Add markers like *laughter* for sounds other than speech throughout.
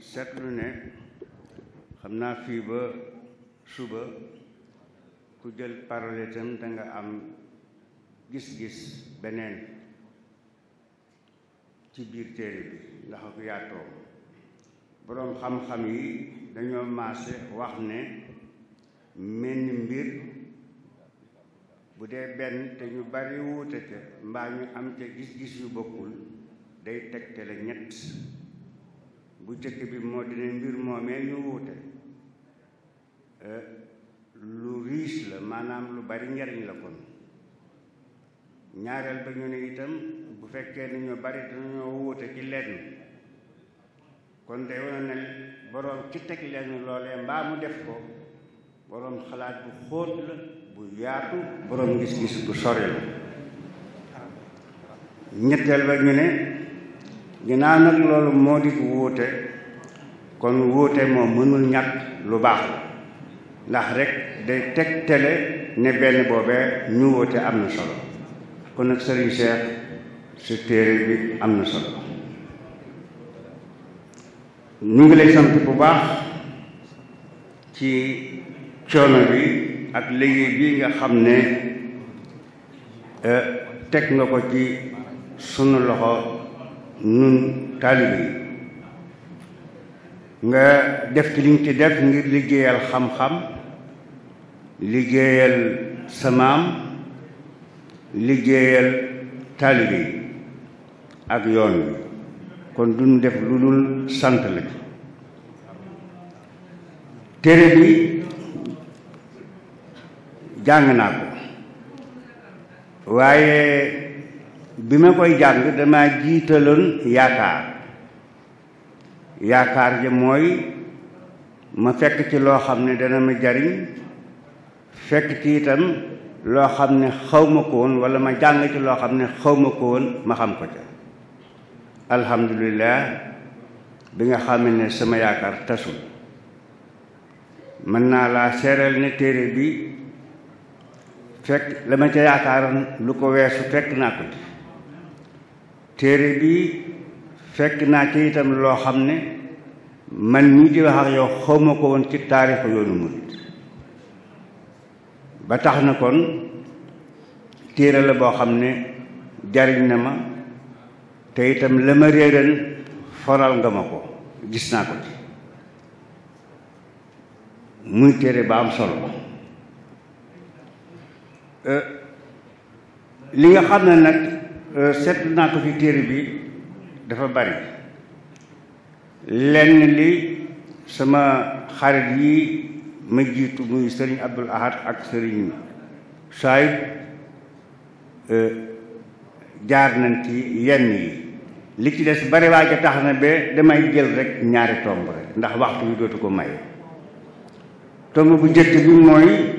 seetlu ne xam naa fii ba suba ku jël parole danga am gis-gis beneen ci biir téere bi ndax ak yaatoo boroom xam-xam yi dañoo maase wax ne menn mbir bu dee benn te ñu bari wuute ca mbaa ñu am ca gis-gis yu bokkul day tegtale ñett bu jëkk bi moo di ne mbir moomee ñu wuute eh, lu riche la maanaam lu bari njariñ la kon ñaareel ba ñu ne itam bu fekkee ni ñu bari dañoo wuute ci lenn kon day wane ne boroom ci teg lenn loolee mbaa mu def ko boroom xalaat bu xóot la bu yaatu boroom gis-gis bu sori la ñetteel ba ne ginnaaw nag loolu moo di wuute kon wuute moom mënul ñàkk lu baax la ndax rek day tegtale ne benn boobee ñu wuute am na solo kon nag sëriñ si téere bi am na solo ñu ngi lay sant bu baax ci coono bi ak liggéey bi nga xam ne eh, teg nga ko ci sunu loxo nun taalibe yi nga def ci liñ ci def ngir liggéeyal xam-xam liggéeyal samaam liggéeyal taalibe yi ak yoon wi kon duñ def lu dul sant la ci téere bi jàng naa ko waaye bi ma koy jàng damaa jiitaloon yaakaar yaakaar ja mooy ma fekk ci loo xam ne dana ma jariñ fekk ci itam loo xam ne xaw ma ko woon wala ma jàng ci loo xam ne xaw ma ko woon ma xam ko ca alhamdulilah bi nga xam ne sama yaakaar tasul mën naa laa seeral ne téere bi fekk la ma ca yaakaaroon lu ko weesu fekk naa ko ci téere bi fekk naa ci itam loo xam ne man mii di wax ak yow xawma ko woon ci taarixu yoonu murit ba tax na kon téere la boo xam ne jariñ na ma te itam la ma réeran foral nga ma ko gis naa ko ci muy téere ba am solo euh, li nga xam ne nag Euh, seet naatu ko ci téere bi dafa bari lenn li sama xarit yi ma jiitu muy sëriñ Abdul Ahad ak sëriñ Saïd euh, jaar nañ ci yenn yi li ci des bari waaja tax na ba damay jël rek ñaari tomb rek ndax waxtu wi dootu ko may tomb bu njëkk bi mooy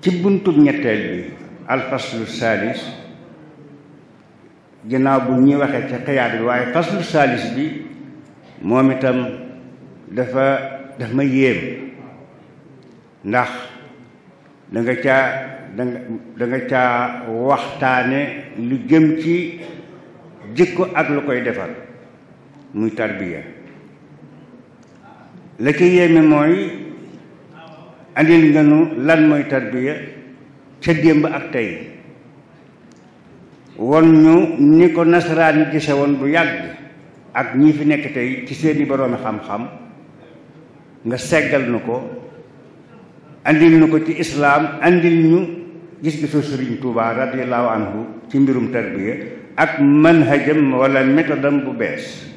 ci buntub ñetteel bi alfaslu salis ginnaaw bu ñuy waxee ca xiyaat bi waaye faslu saalis bi moom itam dafa daf ma yéem ndax danga ca danga da nga caa waxtaane lu jëm ci jikko ak lu koy defar muy tarbiya la ci yéeme mooy andil nga nu lan mooy tarbiya ca démb ak tey won ñu ni ko nasaraan gise woon bu yàgg ak ñi fi nekk tey ci seeni boroomi xam-xam nga seggal nu ko andil nu ko ci islaam andil ñu gis-gisu Sëriñ Tuubaa radiyallahu anhu ci mbirum tarbiya ak manhajam wala méthodam bu bees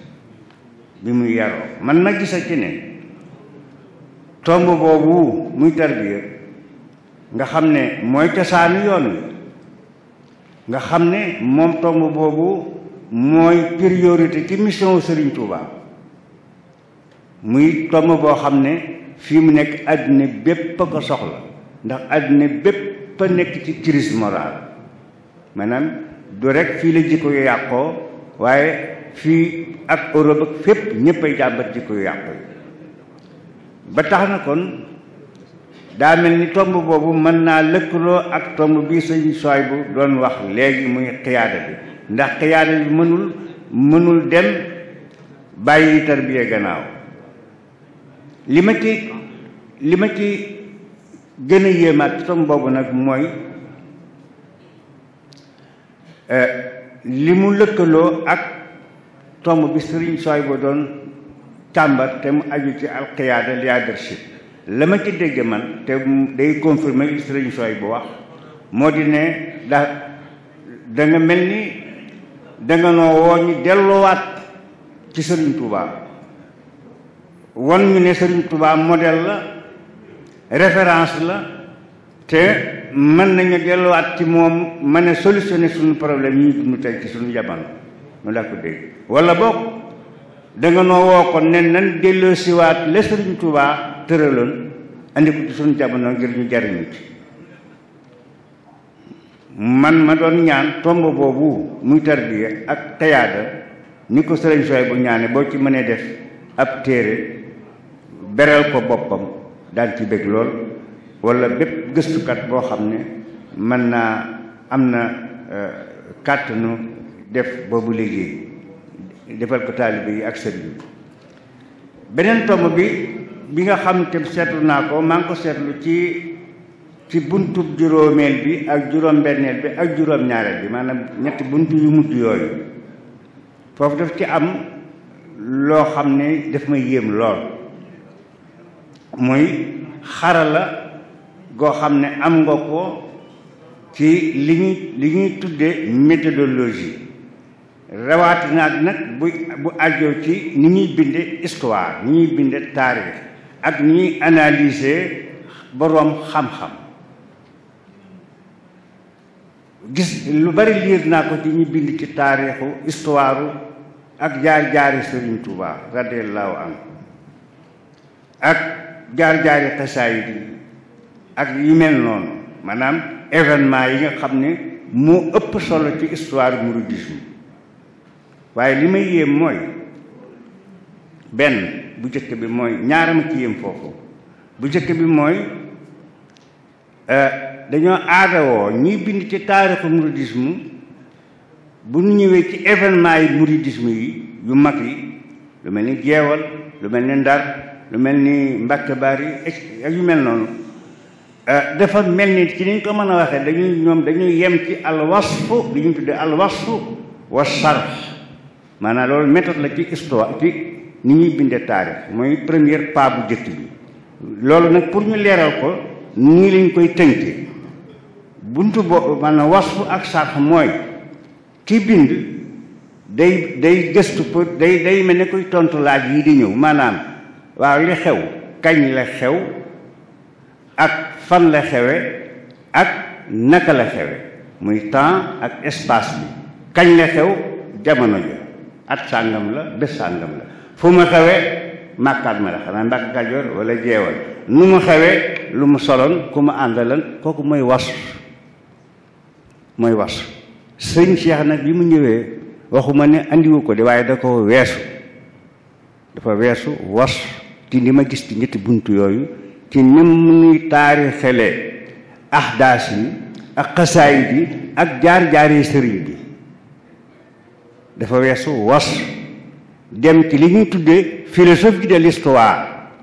bi muy yaroo man ma gisa ci ne tomb boobu muy tarbiya nga xam ne mooy cosaanu yoon nga xam ne moom tomb boobu mooy priorité ci mission Serigne Touba muy tomb boo xam ne fii mu nekk àddina bépp a ko soxla ndax àddina bépp a nekk ci crise morale maanaam du rek fii la jikko yu yàqoo waaye fii ak Europe ak fépp ñëpp ay jàmbat jikko yu yàqu yi ba tax na kon daa mel ni tomb boobu mën naa lëkkaloo ak tomb bi sëñ sooy bu doon wax léegi muy xiyaada bi ndax xiyaada bi mënul mënul dem bàyyi tarbiya gannaaw li ma ci li ma ci gën a yéemaat tomb boobu nag mooy euh, li mu lëkkaloo ak tomb bi sëriñ sooy bu doon càmbar te mu aju ci alxiyaada leadership la ma ci dégg man te day confirmer li sëriñ sooy bu wax moo di ne da da mel ni da noo woo ñu delluwaat ci sëriñ Touba won ñu ne sëriñ Touba modèle la référence la te mën nañu delluwaat ci moom mën a solutionner sunu problème yi ñu dund tey ci suñu jamono ñu la ko dégg wala boog danga noo woo ko ne nan delloo siwaat la sëriñ Tuubaa tëraloon andi ko ci suñu jamono ngir ñu jariñu ci man ma doon ñaan tomb boobu muy tarbiya ak tayaada ni ko sëriñ Sooy bu ñaane boo ci mënee def ab téere beral ko boppam daan ci bëgg lool walla bépp gëstukat boo xam ne mën naa am na euh, kàttanu def boobu liggéey defal ko taalibe yi ak sëriñ bi beneen tomb bi bi nga xam te seetlu naa ko maa ngi ko seetlu ci ci buntu juróomeel bi ak juróom-benneel bi ak juróom-ñaareel bi maanaam ñetti bunt yu mujj yooyu foofu daf ci am loo xam ne daf may yéem lool muy xarala goo xam ne am nga ko ci li ñuy li ñuy tudde méthodologie rawaatinaat nag bu bu ajoo ci ni ñuy binde histoire ni ñuy binde taarix ak ni ñuy analyser boroom xam-xam gis lu bari liir naa ko ci ñu bind ci taarixu histoire ak jaar-jaari Sëriñ Tuuba radiallahu anhu ak jaar-jaari xasaayid yi ak yu mel noonu maanaam événement yi nga xam ne moo ëpp solo ci histoire mouridisme waaye li may yéem mooy benn bu jëkk bi mooy ñaara ma ci yéem foofu bu jëkk bi mooy euh, dañoo aadawoo ñiy bind ci taarixu mouridisme bu ñu ñëwee ci événement yi mouridisme yi yu mag yi lu mel ni jeewal lu mel ni ndar lu mel ni mbàkke baar yi ak yu mel noonu euh, dafa mel ni ci niñ ko mën a waxee dañuy ñoom dañuy yem ci alwasfu li ñu tuddee alwasfu wa sarf maanaam loolu méthode la ci histoire ci ni ñuy bindee taarix mooy première pas bu jëkk bi loolu nag pour ñu leeral ko nii lañ koy tënke buntu boobu maanaam wasfu ak sarx mooy ki bind day day gëstu pour day day mel ni koy tontu laaj yi di ñëw maanaam waaw yi xew kañ la xew ak fan la xewe ak naka la xewe muy temps ak espace bi kañ la xew jamono jo at sàngam la bés sàngam la fu ma xewee màkkaat ma la xanaa Mbàkke Kajoor wala jeewal nu mu xewe lu mu soloon ku ma àndalan kooku mooy wasu mooy wasu sëñ Cheikh nag bi mu ñëwee waxuma ne andiwu ko de waaye da ko weesu dafa weesu wasu ci ni ma gis ci ñetti bunt yooyu ci ni mu taari taarixelee ahdaas yi ak xasaayit yi ak jaar-jaaree sëriñ bi dafa weesu was dem ci li ñu tuddee philosophie de l'histoire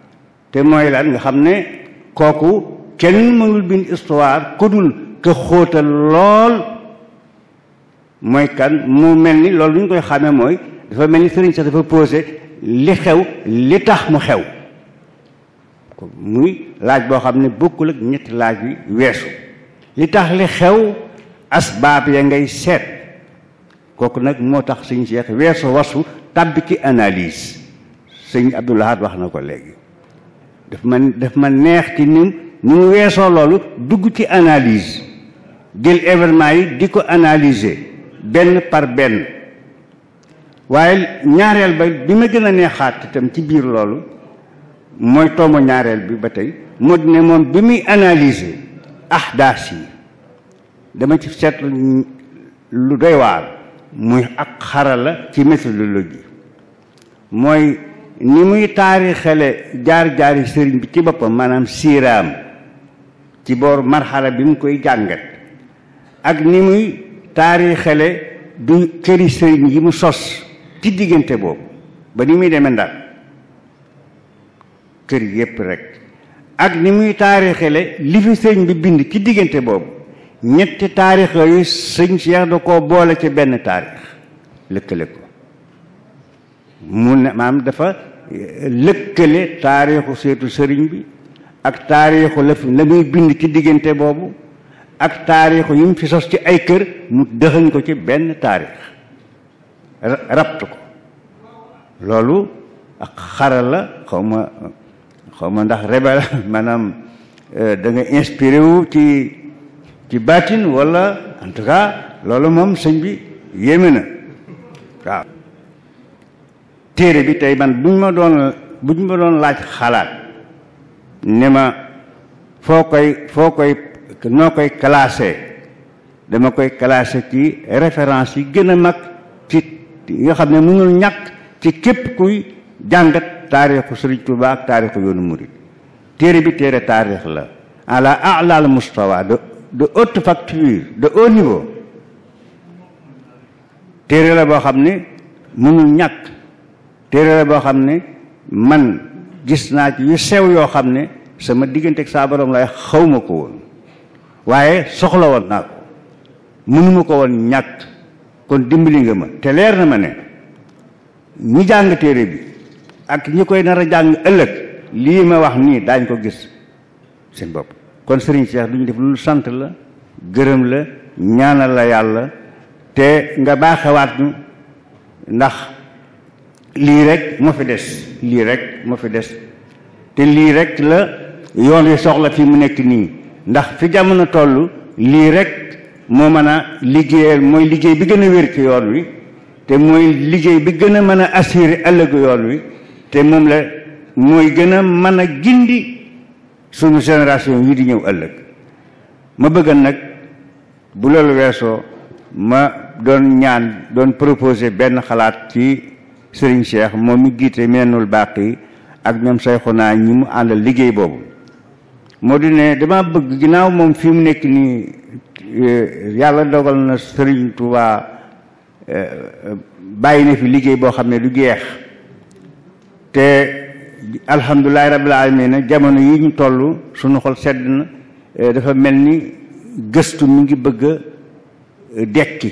te mooy lan nga xam ne kooku kenn mënul bind histoire ku dul ka xóotal lool mooy kan mu mel ni loolu lu ñu koy xamee mooy dafa mel ni sëriñ sax dafa posé li xew li tax mu xew muy laaj boo xam ne bokkul ak ñetti laaj wi weesu li tax li xew asbaab ya ngay seet kooku nag moo tax suñ seex weesu wasu tàbbi ci analyse sëñ Abdou wax na ko léegi daf ma daf ma neex ci ni ni mu weesoo loolu dugg ci analyse jël événement yi di ko analyser benn par benn waaye ñaareel ba bi ma gën a neexaat itam ci biir loolu mooy toomo ñaareel bi ba tey moo di ne moom bi muy analyser ahdaas yi dama ci seetlu lu doy waar muy ak xarala ci méthodologie mooy ni muy taarixale jaar-jaari sëriñ bi ci boppam maanaam siiraam ci boor marxala bi mu koy jàngat ak ni muy taarixale du këri sëriñ yi mu sos ci diggante boobu ba ni muy demee ndar kër yépp rek ak ni muy taarixale li fi sëriñ bi bind ci diggante boobu ñetti taarix yooyu sëñ Cheikh da koo boole ci benn taarix lëkkale ko mu ne maam dafa lëkkale taarixu seetu sëriñ bi ak taarixu la la muy bind ci diggante boobu ak taarixu yi mu fi sos ci ay kër mu dëxañ ko ci benn taarix rabt ko loolu ak xaral la xaw ma xaw ma ndax rebel *laughs* maanaam euh, da nga ci ci baatin wala en loolu moom sëñ bi yéeme na waaw téere bi tey man buñ ma doon buñ ma doon laaj xalaat ne ma foo koy foo koy noo koy classé dama koy classé ci référence yi gën a mag ci yoo xam ne mënul ñàkk ci képp kuy jàngat taarixu Sëriñ Tuubaa ak taarixu yoonu murid téere bi téere taarix la ala alal mustawa de de haute facture de haut téere la boo xam ne mënul ñàkk téere la boo xam ne man gis naa ci yu sew yoo xam ne sama diggante ak saa borom lay xaw ma ko woon waaye soxla woon naa ko mënuma ko woon ñàkk kon dimbali nga ma te leer na ma ne ñi jàng téere bi ak ñi koy nar a jàng ëllëg lii ma wax nii daañ ko gis seen bopp kon Serigne Cheikh duñ def lu sant la gërëm la ñaanal la yàlla te nga baaxewaat ñu ndax lii rekk moo fi des lii rekk moo fi des te lii rekk la yoon wi soxla fi mu nekk nii ndax fi jamono toll lii rekk moo mën a liggéeyal mooy liggéey bi gën a wér ci yoon wi te mooy liggéey bi gën a mën a assurer ëllëgu yoon wi te moom la mooy gën a mën a gindi suñu génération yii di ñëw ëllëg ma bëggan nag bu loolu weesoo ma doon ñaan doon proposé benn xalaat ci sëriñ Cheikh moom mi giite meenul bàq yi ak ñoom Sayxuna ñi mu àndal liggéey boobu moo di ne dama bëgg ginnaaw moom fi mu nekk nii eh, yàlla dogal na sëriñ Tuubaa eh, bàyyi na fi liggéey boo xam ne du jeex te alhamdulilahi rabbil alamina jamono yi ñu toll suñu xol sedd na eh, dafa mel ni gëstu mu ngi bëgg eh, dekki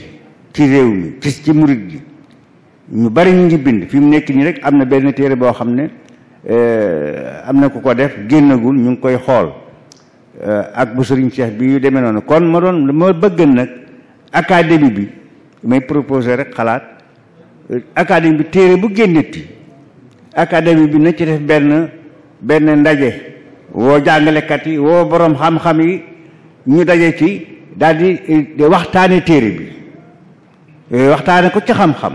ci réew mi ci ci murit gi ñu bari ñu ngi bind fi mu nekk nii rek am na benn téere boo xam ne eh, am na ku ko def génnagul ñu ngi koy xool ak bu sëriñ Cheikh bi yu demee noonu kon ma doon ma bëgg nag académie bi may proposer rek xalaat académie bi téere bu génneti académie bi na ci def benn benn ndaje woo jàngalekat yi woo boroom xam-xam yi ñu daje ci daal di waxtaane téere bi eh, waxtaane ko ci xam-xam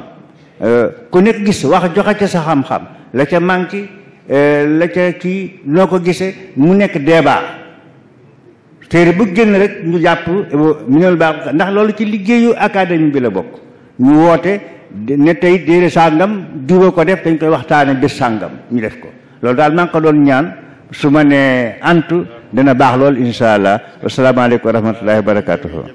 eh, ku nekk gis wax joxe ca sa xam-xam la ca manqué eh, la ca kii noo ko gisee mu nekk débat téere bu génn rek ñu jàpp mu nelu baax ndax loolu ci liggéeyu académie bi la bokk ñu woote ne tey déere sàngam diwa ko def dañ koy waxtaane bés sàngam ñu def ko loolu daal maa ko doon ñaan su ma nee antu dina baax lool incha allah wasalaamaaleykum wa rahmatullahi wa